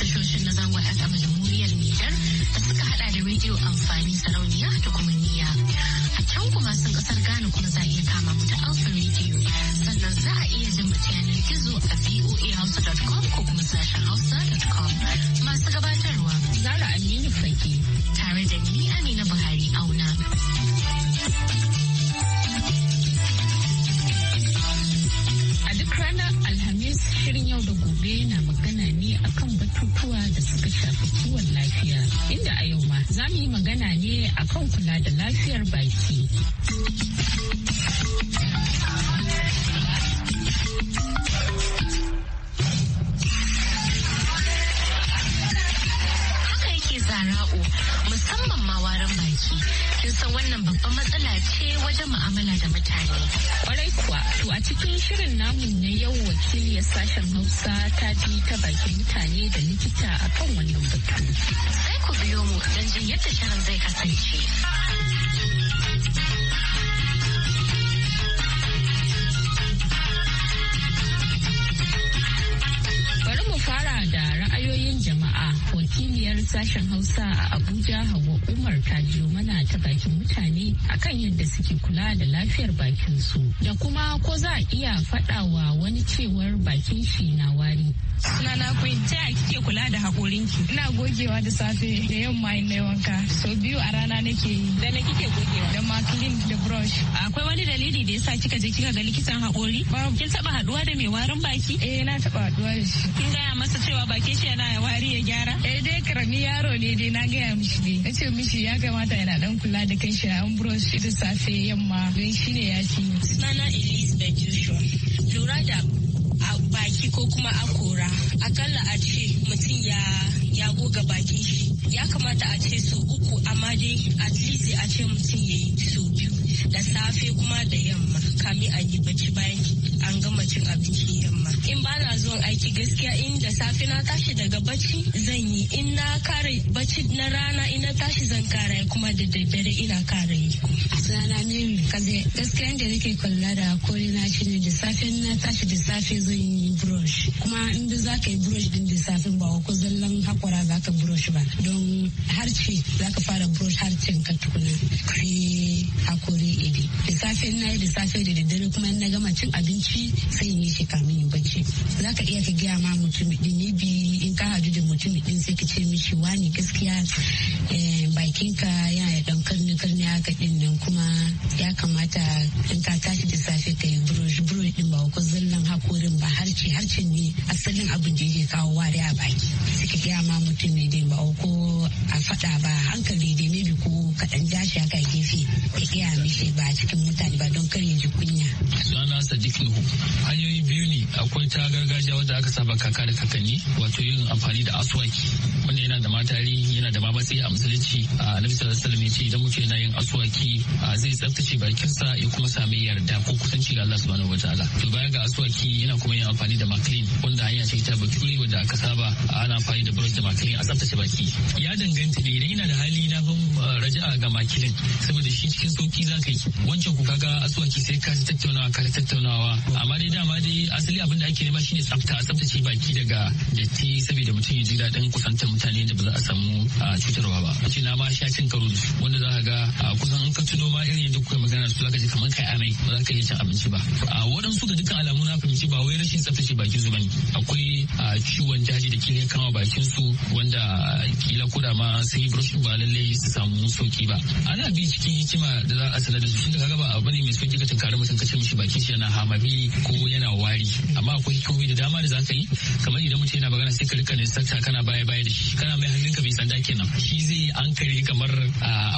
tashoshin na zangon FM jamhuriyar Nijar da suka hada da rediyo amfani sarauniya da kuma niya. A can kuma sun kasar Ghana kuma za a iya kama mu ta Alpha Radio sannan za a iya jin ta yanar gizo a voahouse.com ko kuma sashen hausa.com masu gabatarwa. Zara Aminu Fage tare da ni Amina Buhari auna. A duk ranar Shirin yau da gobe na magana ne akan batutuwa da suka shafi kiwon lafiya, inda a yau ma za mu yi magana ne akan kula da lafiyar baki. kin san wannan babban matsala ce wajen mu'amala da mutane. Kwarai kuwa, to a cikin shirin namu na yau wakiliyar sashen Hausa ta ji ta bakin mutane da likita akan wannan batu. Sai ku biyo mu don jin yadda shirin zai kasance. sashen Hausa a Abuja Hauwa Umar ta jiyo mana ta bakin mutane akan yadda suke kula da lafiyar bakin su da kuma ko za a iya faɗawa wani cewar bakin shi na wari Sunana Queen, ta yaya kike kula da haƙorinki? Ina gogewa da safe da yamma in na wanka. So biyu a rana nake yi. Da na kike gogewa? Da clean da brush. Akwai wani dalili da yasa kika je kika ga likitan haƙori? Kin taɓa haɗuwa da mai warin baki? Eh na taɓa haɗuwa da shi. Kin gaya masa cewa bakin shi yana yawari wari ya gyara? Eh dai karami yaro ne dai na gaya mishi dai. Na ce mishi ya kamata yana ɗan kula da kanshi a an brush da safe yamma don shi ne ya fi. Sunana Elise Joshua. Lura da ko kuma a kora akalla a ce mutum ya ya goga baki ya kamata a ce su uku amma dai at least a ce mutum ya yi su biyu da safe kuma da yamma kami a yi bacci bayan an gama cin abincin yamma in ba na zuwan aiki gaskiya in da safe na tashi daga bacci zan yi in na kare bacci na rana in na tashi zan kara kuma da daddare ina kara yi sana mimi kaze gaskiya da nake kula da kore na shi ne da safe na tashi da safe zan yi brush kuma in duk za ka yi brush din da safin ba ko zallan hakora za ka brush ba don harce za ka fara brush harcen ka tukuna sai hakori idi da safe na yi da safe da daddare kuma in na gama cin abinci sai in yi shi kamin yin bacci za ka iya ka gaya ma mutum din ne bi in ka hadu da mutum din sai ka ce mishi wani gaskiya eh, bakinka yana ya dan karni karni haka din nan kuma ya kamata in ka tashi da safe ka shi harshen ne asalin abin da yake kawo wa a baki suka gaya ma mutum ne dai ba ko a faɗa ba hankali dai ne ko kaɗan dashi haka gefe ya gaya mishi ba cikin mutane ba don kar ya ji kunya. Sunana hanyoyi yuni akwai ta gargajiya wadda aka saba kaka da kakanni wato yin amfani da aswaki wanda yana da matari yana da mamatsi a musulunci a nabi sallallahu alaihi wasallam idan mutum yana yin aswaki zai tsaftace bakinsa ya kuma sami yarda ko kusanci ga Allah subhanahu wataala to bayan ga aswaki yana kuma yin amfani da maklin wanda hanya ce ta bature wadda aka saba ana amfani da brush da maklin a tsaftace baki ya danganta ne idan yana da hali na hun raja'a ga makilin saboda shi cikin sauki za ka yi wancan ku kaga aswaki sai ka tattaunawa ka tattaunawa amma dai dama dai asali abin da ake nema shine tsafta a tsaftace baki daga datti saboda mutum ya ji daɗin kusantar mutane da ba za a samu ah, cutarwa ba. Ce na ma sha cin karo wanda za ka ga ah, kusan in ka tuno ma irin yadda kuka magana su zaka ji kamar kai amai ba za ka iya cin abinci ba a waɗansu ga dukkan alamu na fahimci ba wai rashin tsaftace bakin su bane akwai ciwon daji da ke kama bakin su wanda kila koda ma sai ba lallai su samu sauki ba ana bi cikin hikima da za a sanar da su tunda kaga ba abu ne mai sauki ka tunkari mutum ka ce mishi bakin shi yana hamami ko yana wari amma akwai hikimomi da dama da za ka yi kamar idan mutum yana magana sai ka rika ne sakta kana baya baya da shi kana mai ka mai sanda kenan shi zai an kare kamar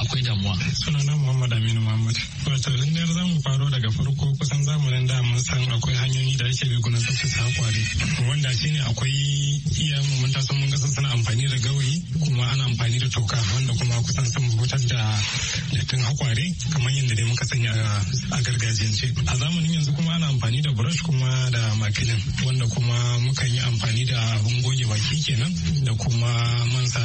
akwai damuwa sunana Muhammad Aminu Muhammad Wato lindar za mu faro daga farko kusan zamanin da mun san akwai hanyoyi da ake bi gunan tsaftace hakware wanda shine akwai iya mun taso mun gasa suna amfani da gawayi kuma ana amfani da toka wanda kuma kusan sun fitar da dattin hakware kamar yadda dai muka sanya a gargajiyance. A zamanin yanzu kuma ana amfani da brush kuma da makilin wanda kuma muka yi amfani da abin goge baki kenan da kuma mansa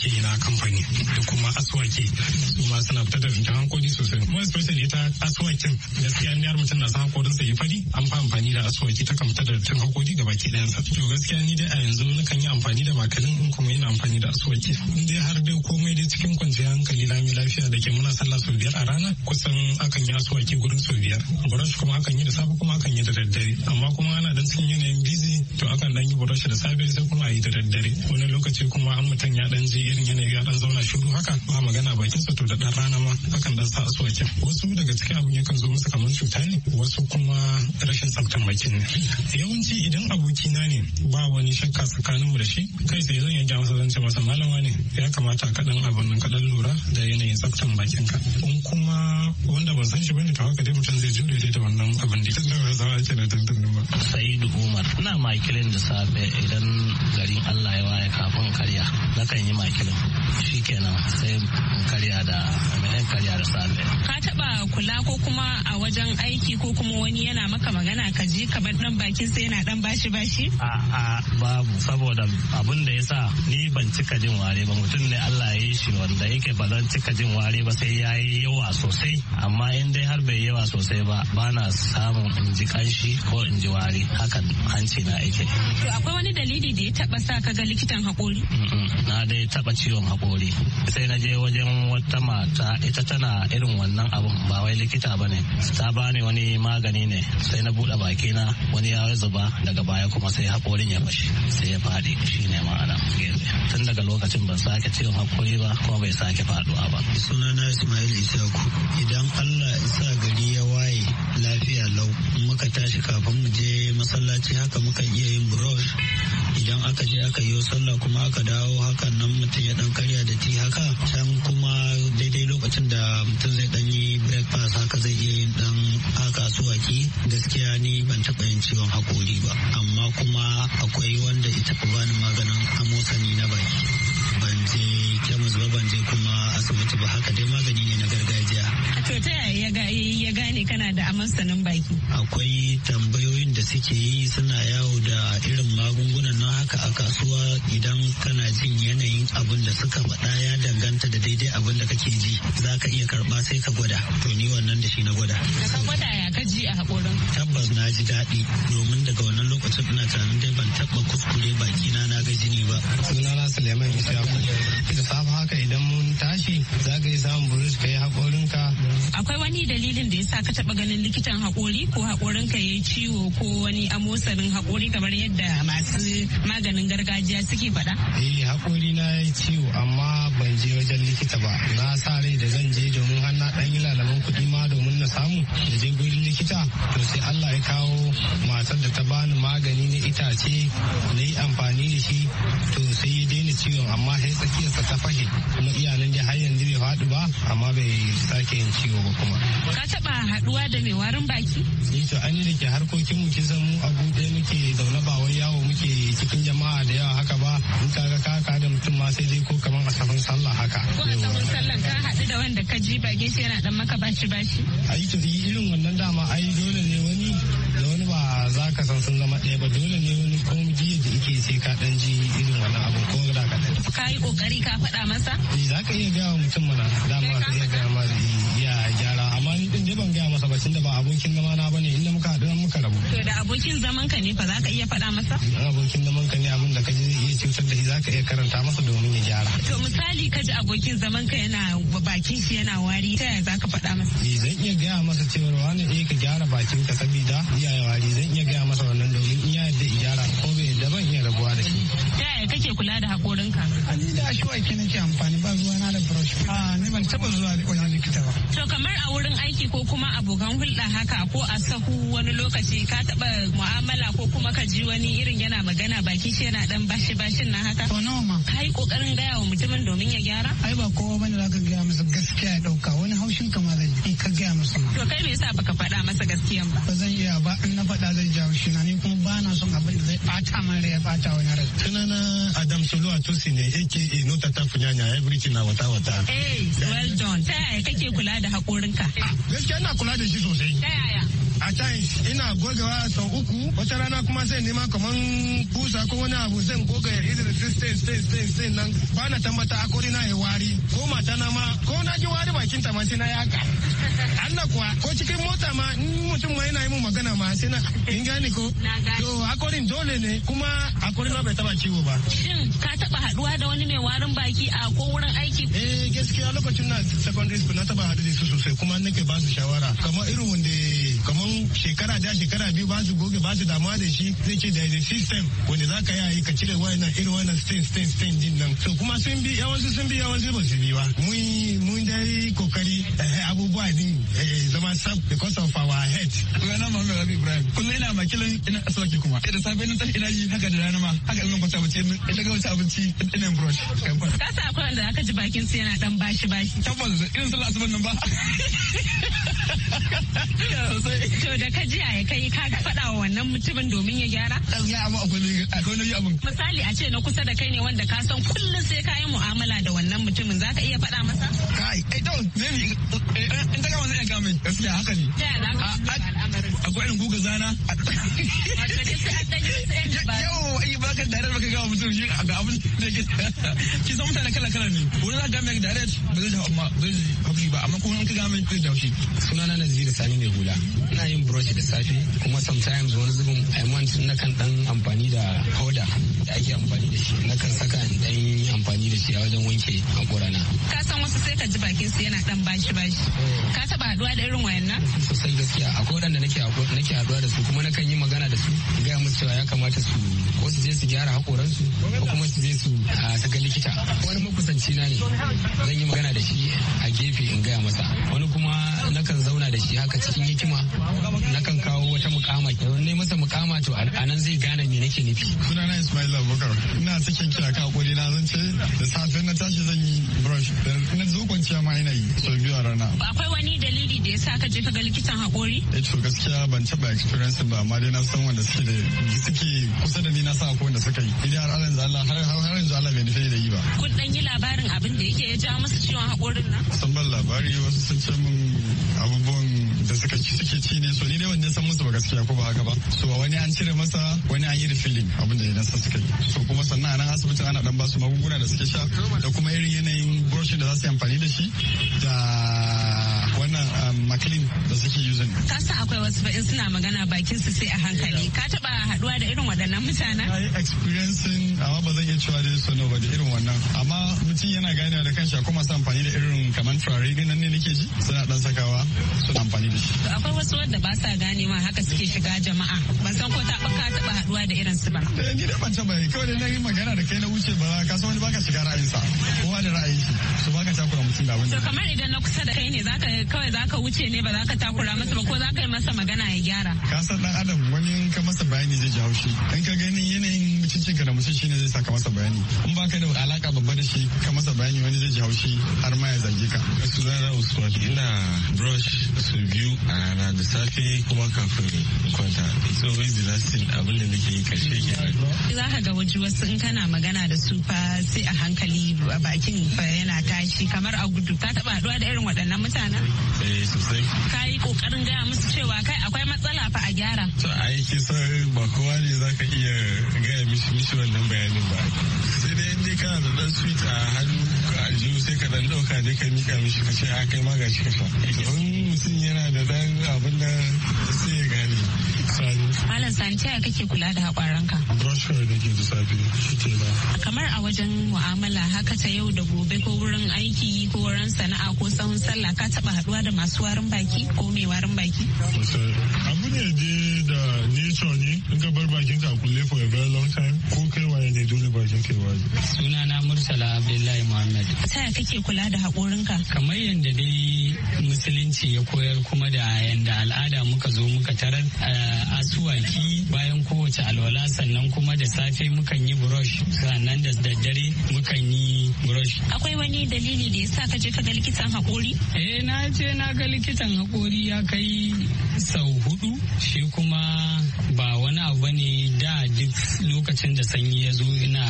ake yi na kamfani da kuma aswaki su ma suna fitar da hankali sosai kuma especially ita aswakin gaskiya har mutum na san sa yi fari an fa amfani da aswaki ta kan fitar da tun hakori gaba ɗayan sa to gaskiya ni dai a yanzu nakan yi amfani da makalin in kuma yana amfani da aswaki in dai har dai komai dai cikin kwanciyar hankali na mai lafiya da ke muna sallah sau biyar a rana kusan akan yi aswaki gurin sau biyar brush kuma akan yi da safe kuma akan yi da daddare amma kuma ana dan cikin yanayin busy to akan dan yi brush da safe sai kuma a yi da daddare wani lokaci kuma an mutum ya dan je irin yanayi ya dan zauna shiru haka ba magana bakin sa to da dan rana ma hakan dan sa su aswakin wasu daga cikin abun yakan zo musu kamar cuta ne wasu kuma rashin tsaftan bakin ne yawanci idan aboki na ne ba wani shakka tsakanin mu da shi kai sai zan yanke masa zance masa malama ne ya kamata ka dan abun nan ka dan lura da yanayin tsaftan bakin ka in kuma wanda ban san shi bane to haka dai mutum zai jure dai da wannan abin da tunda ba za a ce na tantan ba Sa'idu Umar ina makilin da safe idan garin Allah ya waye kafin karya nakan yi kilo shi kenan sai karya da mai karya da safe ka taba kula ko kuma a wajen aiki ko kuma wani yana maka magana ka ji kamar dan bakin sai yana dan bashi bashi a a babu saboda abun da yasa ni ban cika jin ware ba mutum ne Allah ya yi shi wanda yake ba zan cika jin ware ba sai yayi yawa sosai amma in dai har bai yawa sosai ba ba na samun in ji kanshi ko in ji wari hakan hanci na yake to akwai wani dalili da ya taba sa ka ga likitan hakori na dai taɓa ciwon haƙori sai na je wajen wata mata ita tana irin wannan abun ba wai likita ba ne ta bani wani magani ne sai na buɗe baki na wani ya zuba daga baya kuma sai haƙorin ya fashe sai ya faɗi shine ma'ana tun daga lokacin ban sake ciwon haƙori ba kuma bai sake faɗuwa ba sunana Ismail Isaku idan Allah isa gari ya lafiya lau muka tashi kafin mu je masallaci haka muka iya yin brush idan aka je aka yi sallah kuma aka dawo haka nan mutum ya dan karya da ti haka can kuma daidai lokacin da mutum zai dan yi breakfast haka zai iya yin dan haka suwaki gaskiya ni ban taɓa yin ciwon hakori ba amma kuma akwai wanda ita ku bani maganin amosani na baki ban je kemis ba ban je kuma asibiti ba haka dai magani ne na gargajiya ta ya gane kana da aman sanin baki? Akwai tambayoyin da suke yi suna yawo da irin magungunan na haka a kasuwa idan kana jin yanayin abin da suka faɗa ya danganta da daidai abin da kake ji za ka iya karɓa sai ka gwada to ni wannan da shi na gwada. Da ka gwada ya ka ji a haƙorin. Tabbas na ji daɗi domin daga wannan lokacin ina tunanin dai ban taɓa kuskure baki na na ga jini ba. Sunana Suleiman Ishaku. Da safe haka idan mun tashi za ka yi samun burus ka yi haƙorin akwai wani dalilin da yasa ka taba ganin likitan haƙori ko ka ya yayi ciwo ko wani amosarin haƙori kamar yadda masu maganin gargajiya suke faɗa? Eh haƙori na ya ciwo amma ban je wajen likita ba na sa rai da zan je domin har na ɗan yi lalaban kuɗi ma domin na samu da je gurin likita to sai Allah ya kawo matar da ta bani magani na itace na yi amfani da shi to sai ya daina ciwon amma sai tsakiyarsa ta fashe kuma iyalan da har yanzu bai faɗi ba amma bai sake yin ciwo ba. kuma. Ka taɓa haɗuwa da mai warin baki? Sai eh to an da ke harkokin mu kin san mu a buɗe muke zaune ba wai yawo muke cikin jama'a da yawa haka ba in ka ga ka ka da mutum ma sai dai ko kaman safin sallah haka. Ko safin sallah ka haɗu da wanda ka ji bakin shi yana ɗan maka bashi bashi? Ai to irin wannan dama ai dole ne za ka san sun zama ɗaya ba dole ne wani komiji da ike sai ka ɗan ji irin wannan abu ko da ka ɗan. Ka yi ƙoƙari ka faɗa masa? Eh, za ka iya gaya mutum mana dama ka iya gaya ma ya gyara je ban gaya masa ba tunda ba abokin zama na bane inda muka haɗu muka rabu. To da abokin zaman ka ne ba za ka iya faɗa masa? Dan abokin zaman ka ne abin da ka ji zai iya cutar da shi za ka iya karanta masa domin ya gyara. To misali ka ji abokin zaman ka yana bakin shi yana wari ta yaya za ka faɗa masa? Eh zan iya gaya masa cewa wani eh ka gyara bakin ka sabida iyaye wari zan iya gaya masa wannan domin in ya yadda gyara ko bai yadda ban iya rabuwa da shi. Ta yaya kake kula da ka. Ani da kenan nake amfani ba zuwa na da brush a ni ban taba zuwa wani likita ba to kamar a wurin aiki ko kuma abokan hulɗa haka ko a sahu wani lokaci ka taba mu'amala ko kuma ka ji wani irin yana magana baki shi yana dan bashi bashin na haka to nawa ma kai kokarin gaya wa mutumin domin ya gyara ai ba kowa bane zaka gaya masa gaskiya ya dauka wani haushin ka ma zai yi ka gaya masa ma to kai me yasa baka faɗa masa gaskiyan ba ba zan iya ba in na faɗa zai ja shi na ni kuma ba na son abin da zai ɓata min rai ya ɓata wani rai sunana Adam Sulu Atusi ne yake nota ta funyanya every na wata wata. Eh, well done. Ta yaya kake kula da haƙorinka? Gaskiya ina kula da shi sosai. Ta yaya? a times ina gogewa sau uku wata rana kuma zai nema kamar kusa ko wani abu zan goga irin stain stain stain stain nan ba na tambata akori na yi wari ko mata na ma ko na ji wari bakin ta ma sai na yaka Allah kuwa ko cikin mota ma in mutum ma yana yi mun magana ma sai na in gane ko to akorin dole ne kuma akorin na bai taba ciwo ba shin ka taba haduwa da wani mai warin baki a ko wurin aiki eh gaskiya lokacin na secondary school na taba haɗu da su sosai kuma nake ba su shawara kamar irin wanda kamar in shekara da shekara biyu ba su goge ba su damuwa da shi zai ce da is system wanda za ka yi ka cire wayannan irin wannan stain stain stain din nan kuma sun bi yawansu sun bi yawansu ba su bi ba mun mun dai kokari eh, abubuwa din eh, zama sab because of our head na Muhammad Rabi Ibrahim kullum ina makilin ina asawaki kuma da safe nan ina ji haka da rana ma haka ina kwanta bace ina ga wata abinci ina brush kan akwai wanda zaka ji bakin su yana dan bashi bashi tabbas irin sallah asuban nan ba To da ka jiya ya kai ka faɗa wa wannan mutumin domin ya gyara? Ya amma akwai akwai abin. Misali a ce na kusa da kai ne wanda ka san kullum sai ka yi mu'amala da wannan mutumin za ka iya faɗa masa? Kai, ai eh, don zai ni eh, eh, in ta gama zai iya gamin gaskiya haka ne. Ta yana akwai irin guga zana yau ai baka direct baka gawa mutum shi ga abin da ke ki san mutane kala kala ne wani za ka ga da direct ba zai amma zai haushi ba amma kuma in ka ga mai zai haushi sunana Naziru Sani mai hula ina yin brush da safe kuma sometimes wani zubin I want na kan dan amfani da powder da ake amfani da shi na kan saka in dan yi amfani da shi a wajen wanke a gurana. ka san wasu sai ka ji bakin su yana dan bashi bashi ka taba haduwa da irin wayannan sosai gaskiya akwai wadanda nake nake haɗuwa da su kuma nakan yi magana da su ga mu cewa ya kamata su ko su je su gyara hakoransu ko kuma su je su ga likita wani makusanci na ne zan yi magana da shi a gefe in gaya masa wani kuma nakan zauna da shi haka cikin hikima nakan kawo wata mukama ne masa mukama to a nan zai gane me nake nufi sunana Ismail Abubakar ina cikin kira ka hakuri na zan ce da safe na tashi zan yi brush na zo kwanciya ma ina yi so biyu a rana akwai wani dalili da yasa ka je ka ga likitan hakori eh, gaskiya ban taba experience ba amma dai na san wanda suke da suke kusa da ni na san akwai wanda suka yi idan har yanzu Allah har har yanzu Allah bai nufi da yi ba kun dan yi labarin abin da yake ya ja musu ciwon hakorin nan san ban labari wasu sun ce min abubuwan da suka ci suke ci ne so ni dai wanda san musu ba gaskiya ko ba haka ba so wani an cire masa wani an yi refilling abin da ya san suka yi so kuma sannan nan asibitin ana dan ba su magunguna da suke sha da kuma irin yanayin brushin da za su yi amfani da shi da maklin da suke using ka san akwai wasu in suna magana bakin su sai a hankali ka taba haduwa da irin waɗannan mutanen na yi experiencing amma ba zan iya cewa dai su ne ba da irin wannan amma mutum yana ganewa da kanshi a kuma amfani da irin kamar turare ganin ne nake ji suna dan sakawa suna amfani da shi akwai wasu wanda ba sa gane ma haka suke shiga jama'a ban san ko ta ka taba haduwa da irin su ba eh, ni da ban taba kawai dai na yi magana da kai na wuce ba ka san wani baka shiga ra'ayinsa kowa da ra'ayi shi so baka shakura mutum da wani to kamar idan na kusa da kai ne zaka kawai zaka wuce ne ba za ka takura masa ba ko za ka yi masa magana ya gyara. Ka san ɗan adam wani in ka masa bayani zai ji haushi. In ka gani yanayin cikin ka da mutum shine zai saka masa bayani in ka da alaka babba da shi ka masa bayani wani zai ji haushi har ma ya zage ka sunana usman ina brush su biyu a rana da safe kuma kafin kwanta it's always the last thing abin da nake yi kashe ke za ka ga waje wasu in kana magana da su fa sai a hankali bakin fa yana tashi kamar a gudu ka taba haduwa da irin waɗannan mutanen eh sosai ka yi kokarin gaya musu cewa kai akwai matsala fa a gyara to ai kisan ba kowa ne zaka iya gaya mishi mishi wannan bayanin ba sai dai dai kana da dan sweet a hannu ka aljihu sai ka dan dauka je ka mika mishi ka ce a kai ma gashi ka sha idan mutum yana da dan abin da sai ya gane fitsari. Malam Sani ta kake kula da haƙwaranka? Brush hair nake da safe shi ke ba. Kamar a wajen mu'amala haka ta yau da gobe ko wurin aiki ko wurin sana'a ko tsawon sallah ka taɓa haɗuwa da masu warin baki ko mai warin baki? Abu ne je da nature ne in ka bar bakin ka kulle for a very long time ko kai waye ne dole bakin waje. Suna na Murtala Abdullahi Muhammad. Ta kake kula da haƙorinka? Kamar yadda dai musulunci ya koyar kuma da yadda al'ada muka zo muka tarar eh, baki bayan kowace alwala sannan kuma da safe mukan yi brush sannan da daddare mukan yi brush. Akwai wani dalili da yasa ka je ka ga likitan haƙori? Eh na je na ga likitan hakori ya kai sau hudu shi kuma ba wani abu ne da duk lokacin da sanyi ya zo ina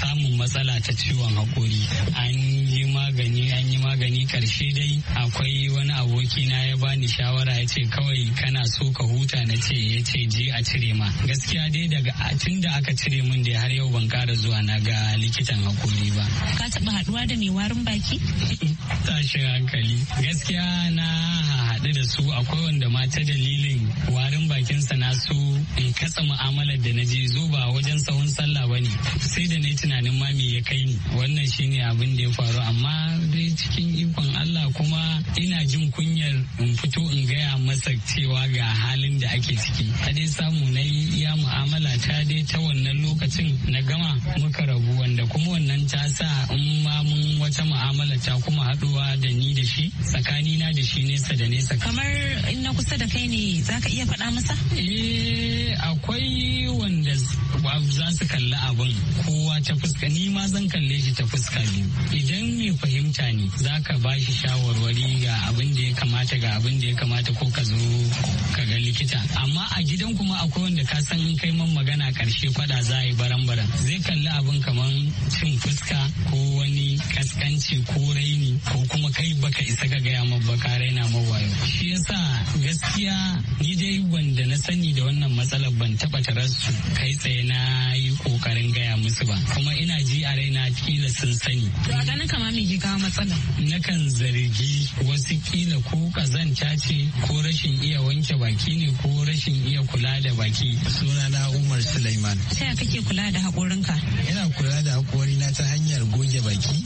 samun matsala ta ciwon hakori An je magani an yi magani karshe dai akwai wani aboki na ya bani shawara ya ce kawai kana so ka huta na ce ya ce je a cire ma gaskiya dai daga tun da aka cire min dai har yau ban kara zuwa na ga likitan hakori ba ka taba haduwa da mai warin baki tashin hankali gaskiya na haɗu da su akwai wanda ma ta dalilin warin bakin sa na su in katsa mu'amalar da na je zo ba wajen sahun sallah ba ne sai da na yi tunanin mami ya kai ni wannan shine abin da ya faru amma dai cikin ikon Allah kuma ina jin kunyar in fito in gaya masa cewa ga halin da ake ciki a dai samu na yi ya mu'amala ta dai ta wannan lokacin na gama muka rabu wanda kuma wannan ta sa in ma mun wata mu'amala ta kuma haɗuwa da ni da shi tsakani na da shi nesa da nesa kamar in na kusa da kai ne za ka iya faɗa masa eh akwai wanda za su kalli abin kowa ta fuska ni ma zan kalle shi ta fuska biyu idan in mai fahimta ne za ka ba shi shawarwari ga abin da ya kamata ga abin da ya kamata ko ka zo ka ga likita amma a gidan kuma akwai wanda ka san in kai man magana karshe fada za a yi baran-baran zai kalli abin kamar cin fuska ko wani kaskanci ko raini ko kuma kai baka isa ka gaya ma baka raina ma wayo shi yasa gaskiya ni dai wanda na sani da wannan matsalar ban taba su kai tsaye na yi kokarin gaya musu ba kuma ina ji a raina kila sun sani. ma ni ke kawo matsala nakan zargi wasu kila ko kazanta ce ko rashin iya wanke baki ne ko rashin iya kula da baki na Umar Sulaiman ta kake kula da haƙorinka ina kula da haƙorina ta hanyar goge baki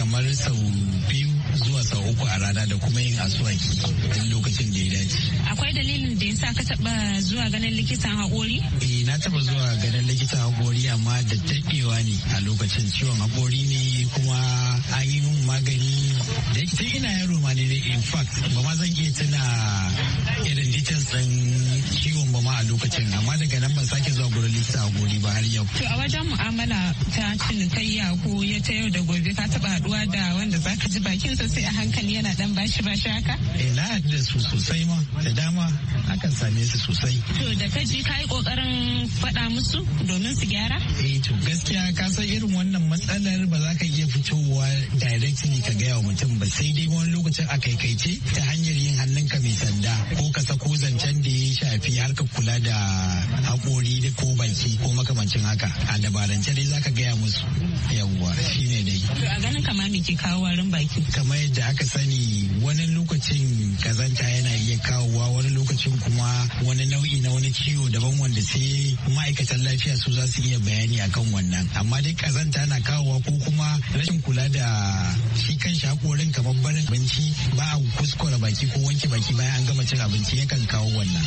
kamar sau biyu zuwa sau uku a rana da kuma yin asuwaki duk lokacin da ya dace akwai dalilin da ya sa ka taɓa zuwa ganin likitan haƙori eh taba zuwa ganin likita haƙori amma da daɗewa ne a lokacin ciwon haƙori ne kuma an yi magani da tun ina yaro ma ne in fact ba ma zan iya tuna irin details ɗin ciwon ba ma a lokacin amma daga nan ban sake zuwa gurin likita a gori ba har yau. To a wajen mu'amala ta cinikayya ko ya ta yau da gobe ka taba haɗuwa da wanda zaka ji bakinsa sai a hankali yana dan bashi bashi haka? Eh na haɗu da su sosai ma da dama akan same su sosai. To da ka ji ka yi kokarin faɗa musu domin su gyara? Eh to gaskiya ka san irin wannan matsalar ba za ka iya fitowa directly ka gaya wa mutum ba sai dai wani lokacin a kaikaice ta hanyar yin hannun ka mai sanda harkar kula da haƙori da ko baki ko makamancin haka a dabarance dai zaka gaya musu yawwa ne dai a ganin kama me ke kawo warin baki kamar yadda aka sani wani lokacin kazanta yana iya kawowa wani lokacin kuma wani nau'i na wani ciwo daban wanda sai ma'aikatan lafiya su za su iya bayani akan wannan amma dai kazanta na kawowa ko kuma rashin kula da shi kan shakorin kamar barin abinci ba a kuskura baki ko wanke baki bayan an gama cin abinci yakan kawo wannan.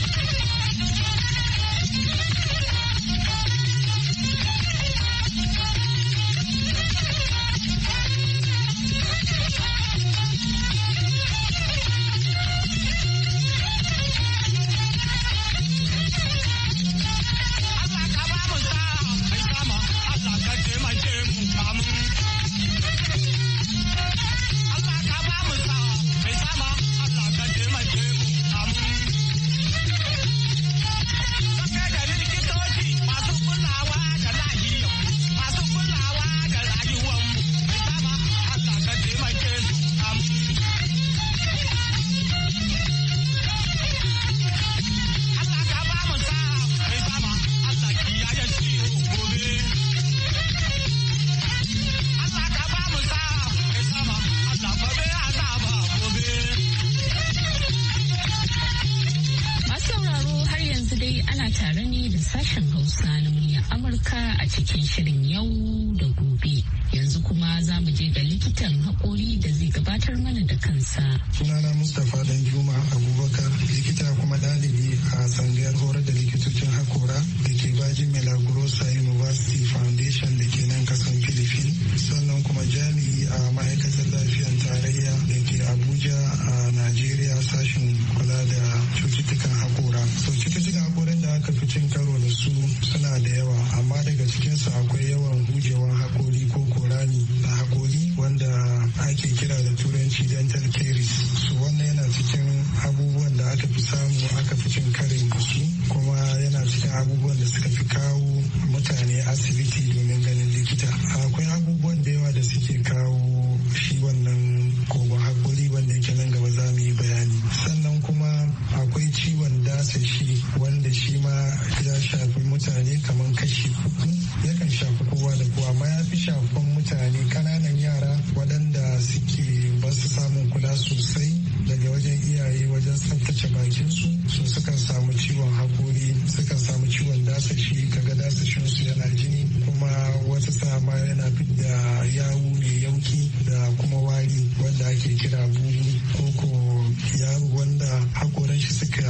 da zai gabatar mana da kansa. Sunana Mustapha Dan Juma Abubakar likita kuma ɗalibi a tsangayar horar da likitocin hakora da ke bajin Milagrosa University Foundation da ke nan kasan Filifin sannan kuma jami'i a ma'aikatar lafiyar tarayya da ke Abuja a Najeriya sashen kula da cututtukan hakora. So cututtukan hakoran da aka fi cin karo da su suna da yawa amma daga cikinsu akwai yawan gujewan hakori ko Fulani na hagoli wanda ake kira da turanci dental caries su wannan yana cikin abubuwan da aka fi samu aka fi cin karin su kuma yana cikin abubuwan da suka fi kawo mutane asibiti domin ganin likita akwai abubuwan da yawa da suke kawo shi wannan kogon hakori wanda yake akwai ciwon dasashi wanda shi ma ya shafi mutane kamar kashi uku yakan shafi kowa da kowa amma ya fi shafan mutane kananan yara waɗanda suke ba su samun kula sosai daga wajen iyaye wajen tsaftace bakinsu su sukan samu ciwon hakori sukan samu ciwon dasashi kaga su yana jini kuma wata sama yana fidda yawu mai yauki da kuma wari wanda ake kira buru koko yaro wanda hakoran shi suka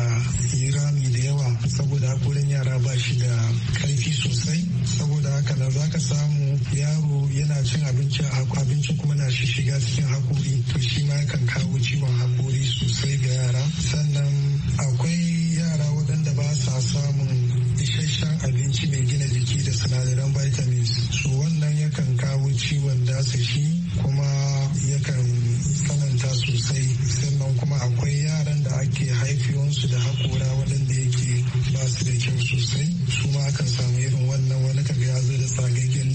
yi rami da yawa saboda hakoran yara ba shi da karfi sosai saboda haka na za ka samu yaro yana cin abinci a abinci kuma na shi shiga cikin hakori to shi ma yakan kawo ciwon hakori sosai ga yara sannan akwai yara waɗanda ba sa samun isasshen abinci mai gina jiki da sinadaran vitamins su wannan yakan kawo ciwon dasa shi kuma yakan tsananta sosai sannan kuma akwai yaran da ake haifiyonsu da hakora waɗanda yake ba su da kyau sosai su ma akan samu irin wannan wani kaga ya zo da tsagaggen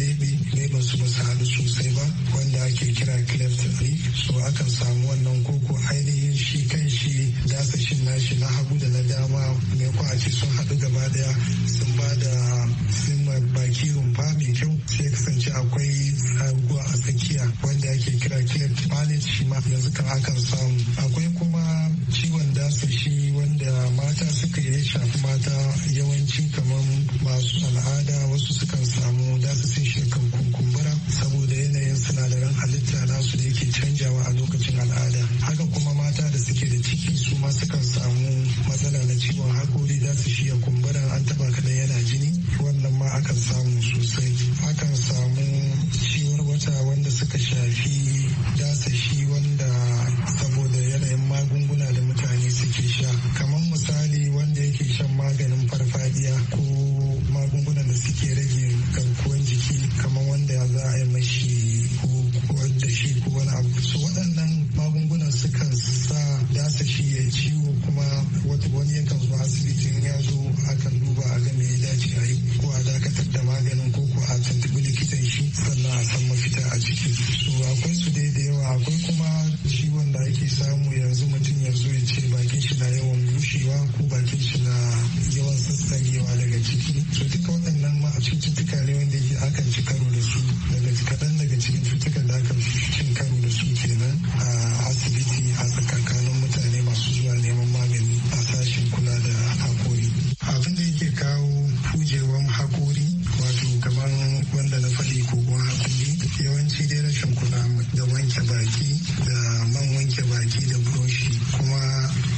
da man wanke baki da buroshi kuma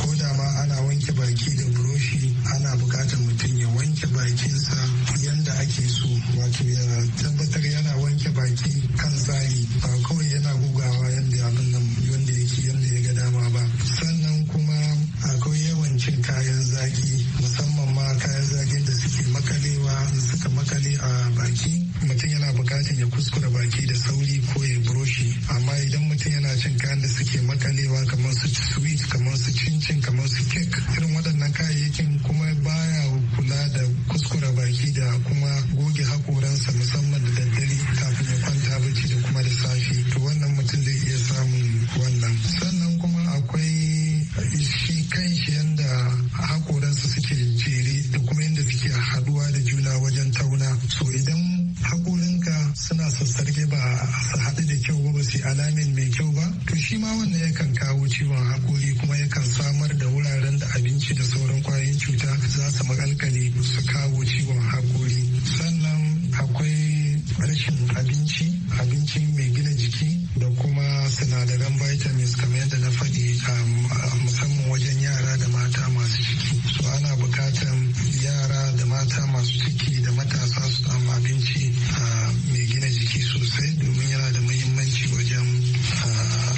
ko da ma ana wanke baki da buroshi ana bukatar mutum ya wanke bakinsa yadda ake so wato ya tabbatar yana wanke baki kan tsari ba kawai a sassarke ba su haɗu da kyau ba sai su alamin mai kyau ba to shi ma wannan yakan kawo ciwon haƙori kuma yakan samar da wuraren da abinci da sauran kwayoyin cuta za su makalkale su kawo ciwon haƙori sannan akwai rashin abinci abinci mai gina jiki da ko sinadaran vitamins kamar yadda na faɗi um, musamman wajen yara da mata masu ciki so ana buƙatar yara da mata masu ciki da matasa su samu abinci mai gina jiki sosai domin yana da muhimmanci wajen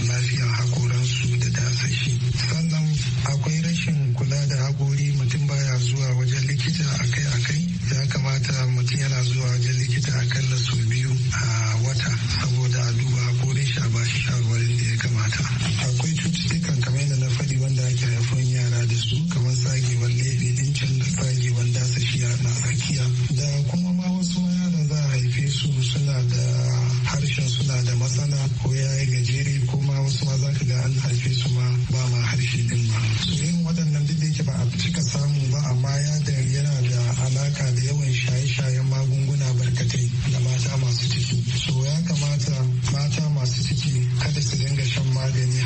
lafiyar hakoransu da dasashi sannan akwai rashin kula da hakori mutum baya zuwa wajen likita akai-akai ya kamata mutum yana zuwa wajen likita akalla sau biyu a wata saboda a duba hakorin shi a bashi sharo mata akwai cututtukan kamar yadda na faɗi wanda ake haifan yara da su kamar tsagewar din can da tsagewar dasashiya na tsakiya da kuma ma wasu yaran za a haife su suna da harshen suna da matsala ko ya yi gajere ko ma wasu ma za ka ga an haife su ma ba ma harshe din ma su yin waɗannan duk da yake ba a cika samu ba amma ya da yana da alaka da yawan shaye-shayen magunguna barkatai da mata masu ciki so ya kamata mata masu ciki kada su dinga shan magani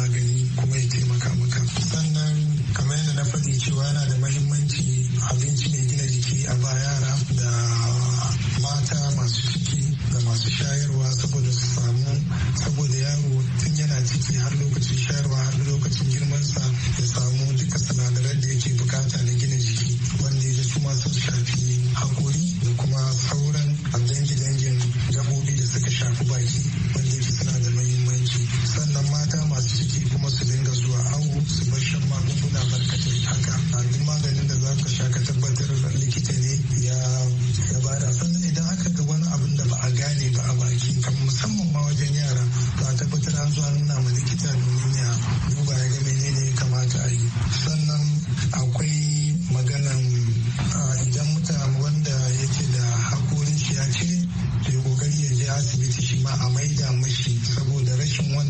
magani kuma ya taimaka maka sannan kamar yadda na faɗi cewa yana da mahimmanci abinci mai gina jiki a ba yara da mata masu ciki da masu shayarwa saboda su samu saboda yaro tun yana ciki har lokacin shayarwa har lokacin girmansa ya samu duka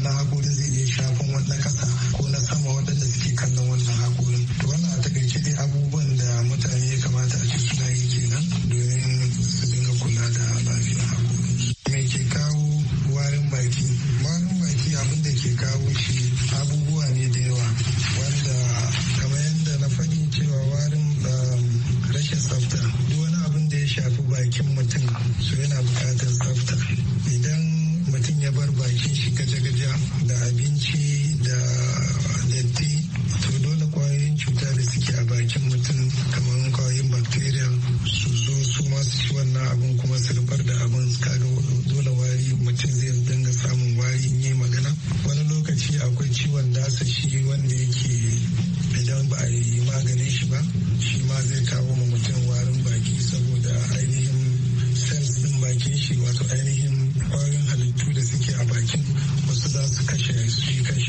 Allah hakorin zai iya shafin wannan kasa shi ma zai kawo ma mutum warin baki saboda ainihin cells din bakin shi wato ainihin kwayoyin halittu da suke a bakin wasu za su kashe shi